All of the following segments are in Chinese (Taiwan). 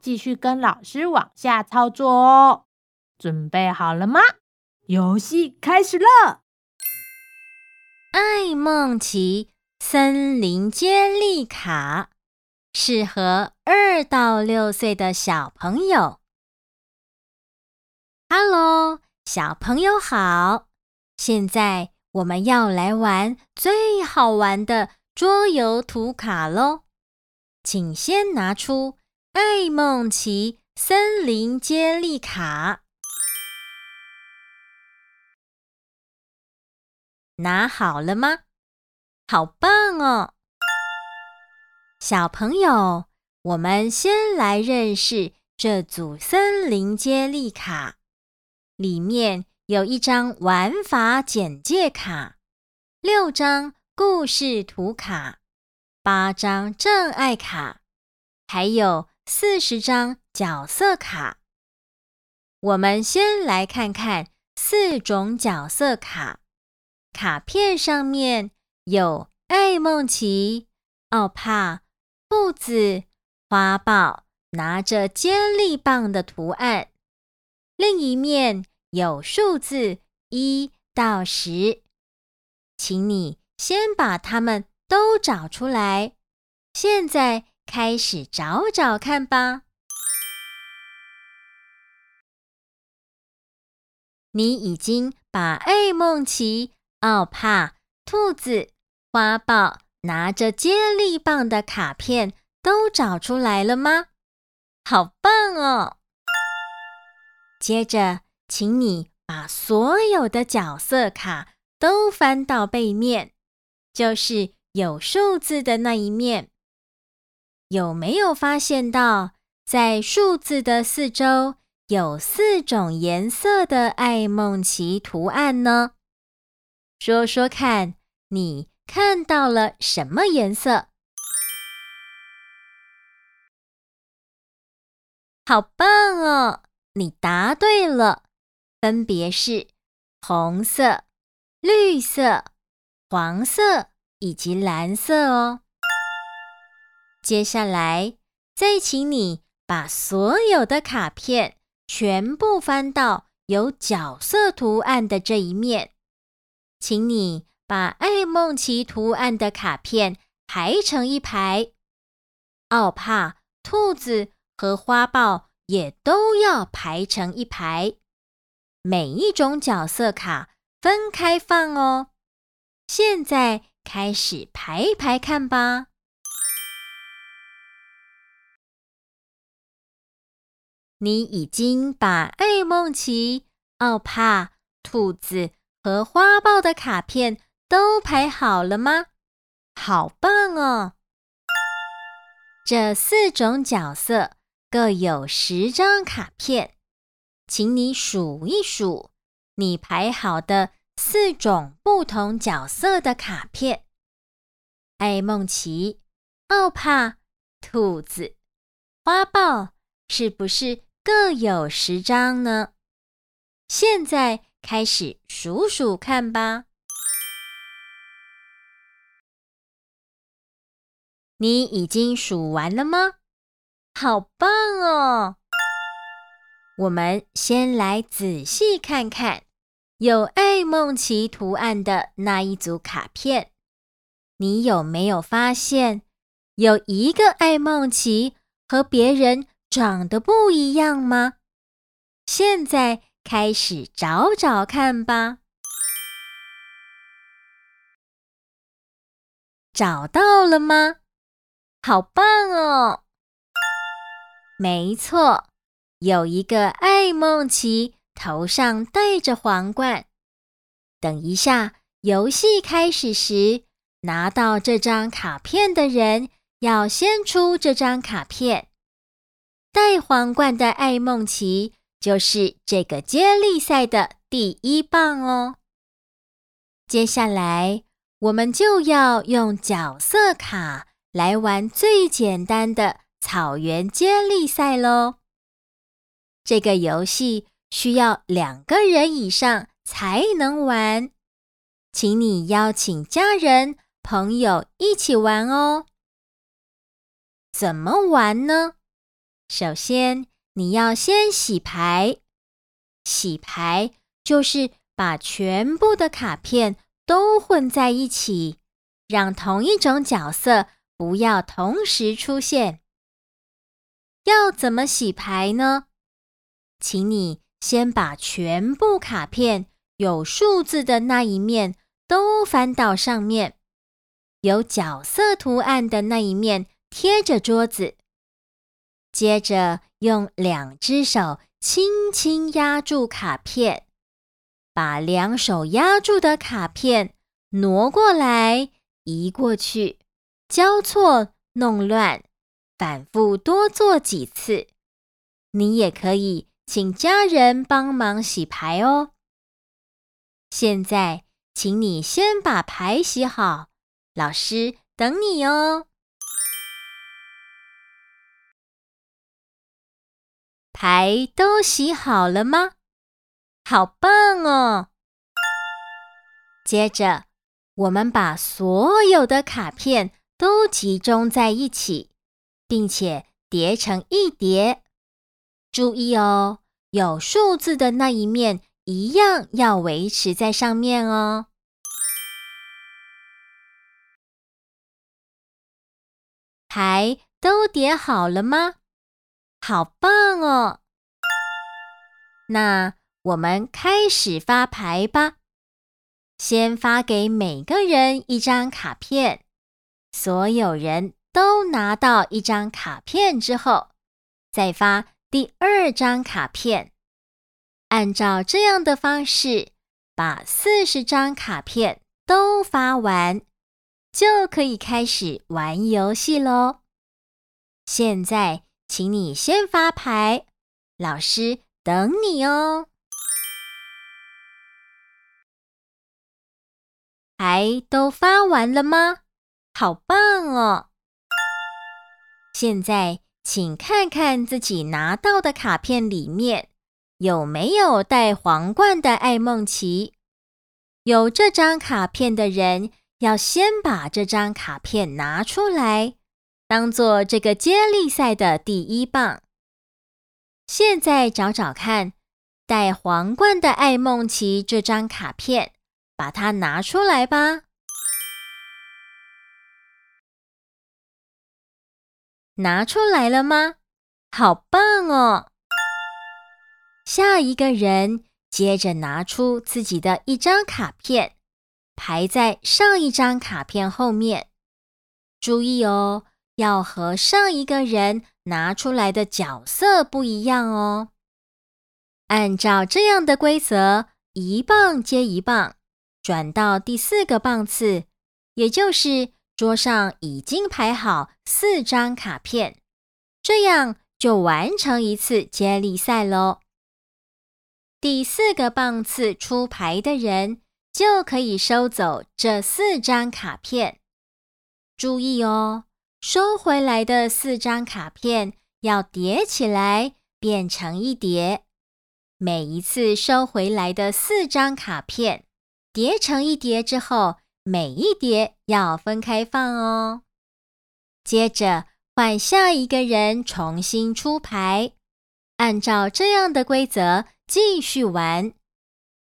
繼續跟老師往下操作哦，準備好了嗎？遊戲開始了！愛孟奇森林接力卡適合二到六歲的小朋友。Hello，小朋友好！現在我們要來玩最好玩的桌遊圖卡嘍，請先拿出。愛孟奇森林接力卡，拿好了嗎？好棒哦！小朋友，我們先來認識這組森林接力卡。裡面有一張玩法簡介卡，六張故事圖卡，八張障礙卡，還有。四十張角色卡，我們先來看看四種角色卡。卡片上面有愛孟奇、奧帕、兔子、花豹拿着接力棒的圖案，另一面有數字一到十，請你先把它們都找出來。現在。開始找找看吧！你已經把愛孟奇、奧帕、兔子、花豹拿着接力棒的卡片都找出來了嗎？好棒哦！接着，請你把所有的角色卡都翻到背面，就是有數字的那一面。有沒有發現到，在數字的四周有四種顏色的愛孟奇圖案呢？說說看，你看到了什麼顏色？好棒哦！你答對了，分別是紅色、綠色、黃色以及藍色哦。接下來，再請你把所有的卡片全部翻到有角色圖案的這一面。請你把愛孟奇圖案的卡片排成一排，奧帕兔子和花豹也都要排成一排。每一種角色卡分開放哦。現在開始排一排看吧。你已經把愛孟奇、奧帕、兔子和花豹的卡片都排好了嗎？好棒哦！這四種角色各有十張卡片，請你數一數你排好的四種不同角色的卡片：愛孟奇、奧帕、兔子、花豹，是不是？各有十張呢，現在開始數數看吧。你已經數完了嗎？好棒哦！我們先來仔細看看有艾夢琪圖案的那一組卡片。你有沒有發現有一個艾夢琪和別人長得不一樣嗎？現在開始找找看吧。找到了嗎？好棒哦！沒錯，有一個愛孟奇頭上戴着皇冠。等一下，遊戲開始時，拿到這張卡片的人要先出這張卡片。戴皇冠的愛孟奇就是這個接力賽的第一棒哦。接下來我們就要用角色卡來玩最簡單的草原接力賽嘍。這個遊戲需要兩個人以上才能玩，請你邀請家人、朋友一起玩哦。怎麼玩呢？首先，你要先洗牌。洗牌就是把全部的卡片都混在一起，讓同一種角色不要同時出現。要怎麼洗牌呢？請你先把全部卡片有數字的那一面都翻到上面，有角色圖案的那一面貼着桌子。接着用兩只手輕輕壓住卡片，把兩手壓住的卡片挪過來、移過去，交錯弄亂，反覆多做幾次。你也可以請家人幫忙洗牌哦。現在，請你先把牌洗好，老師等你哦。牌都洗好了嗎？好棒哦！接着，我們把所有的卡片都集中在一起，並且疊成一疊。注意哦，有數字的那一面一樣要維持在上面哦。牌都疊好了嗎？好棒哦！那我們開始發牌吧。先發給每個人一張卡片，所有人都拿到一張卡片之後，再發第二張卡片。按照這樣的方式，把四十張卡片都發完，就可以開始玩遊戲嘍。現在。請你先發牌，老師等你哦。牌都發完了嗎？好棒哦！現在請看看自己拿到的卡片裡面有沒有戴皇冠的艾夢琪。有這張卡片的人，要先把這張卡片拿出來。當做這個接力賽的第一棒。現在找找看，戴皇冠的愛孟奇這張卡片，把它拿出來吧。拿出來了嗎？好棒哦！下一個人接着拿出自己的一張卡片，排在上一張卡片後面。注意哦。要和上一個人拿出來的角色不一樣哦。按照這樣的規則，一棒接一棒，轉到第四個棒次，也就是桌上已經排好四張卡片，這樣就完成一次接力賽咯。第四個棒次出牌的人就可以收走這四張卡片。注意哦。收回來的四張卡片要疊起來，變成一疊。每一次收回來的四張卡片疊成一疊之後，每一疊要分開放哦。接着換下一個人重新出牌，按照這樣的規則繼續玩。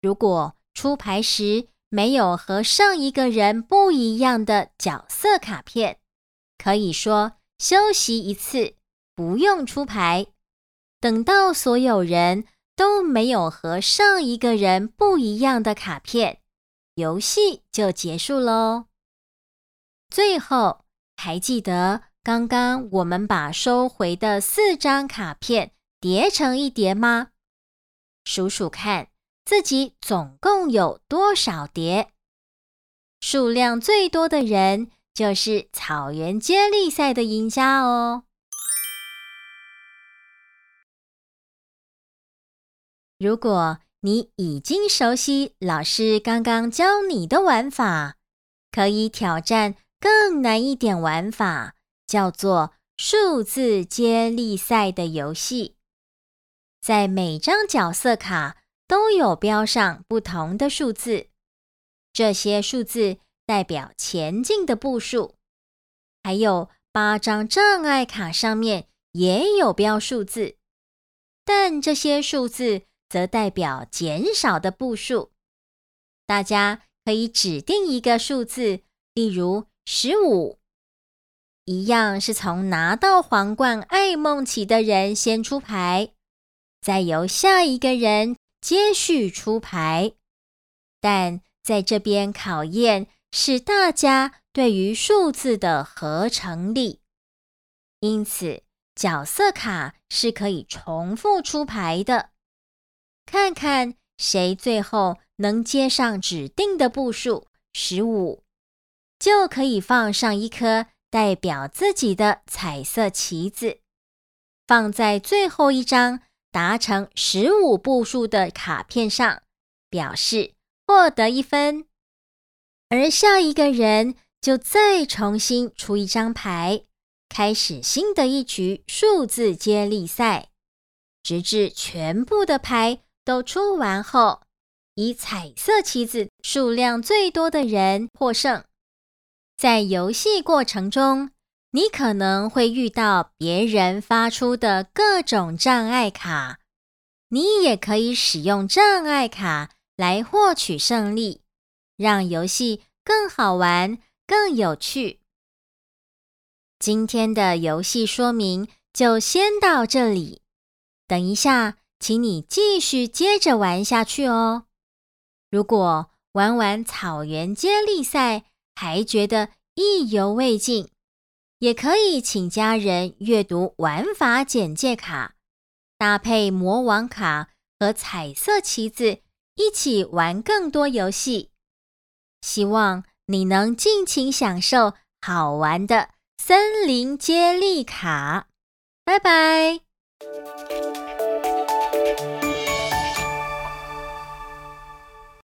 如果出牌時沒有和上一個人不一樣的角色卡片，可以說休息一次，不用出牌。等到所有人都沒有和上一個人不一樣的卡片，遊戲就結束嘍。最後，還記得剛剛我們把收回的四張卡片疊成一疊嗎？數數看，自己總共有多少疊？數量最多的人。就是草原接力賽的贏家哦！如果你已經熟悉老師剛剛教你的玩法，可以挑戰更難一點玩法，叫做數字接力賽的遊戲。在每張角色卡都有標上不同的數字，這些數字。代表前進的步數，還有八張障礙卡上面，也有標數字，但這些數字則代表減少的步數。大家可以指定一個數字，例如十五。一樣是從拿到皇冠愛孟奇的人先出牌，再由下一個人接續出牌。但在這邊考驗。是大家對於數字的合成力，因此角色卡是可以重複出牌的。看看誰最後能接上指定的步數十五，15，就可以放上一顆代表自己的彩色棋子，放在最後一張達成十五步數的卡片上，表示獲得一分。而下一個人就再重新出一張牌，開始新的一局數字接力賽，直至全部的牌都出完後，以彩色棋子數量最多的人獲勝。在遊戲過程中，你可能會遇到別人發出的各種障礙卡，你也可以使用障礙卡來獲取勝利。讓遊戲更好玩、更有趣。今天的遊戲說明就先到這裡。等一下，請你繼續接着玩下去哦。如果玩完草原接力賽還覺得意猶未盡，也可以請家人閱讀玩法簡介卡，搭配魔王卡和彩色旗子一起玩更多遊戲。希望你能盡情享受好玩的森林接力卡，拜拜。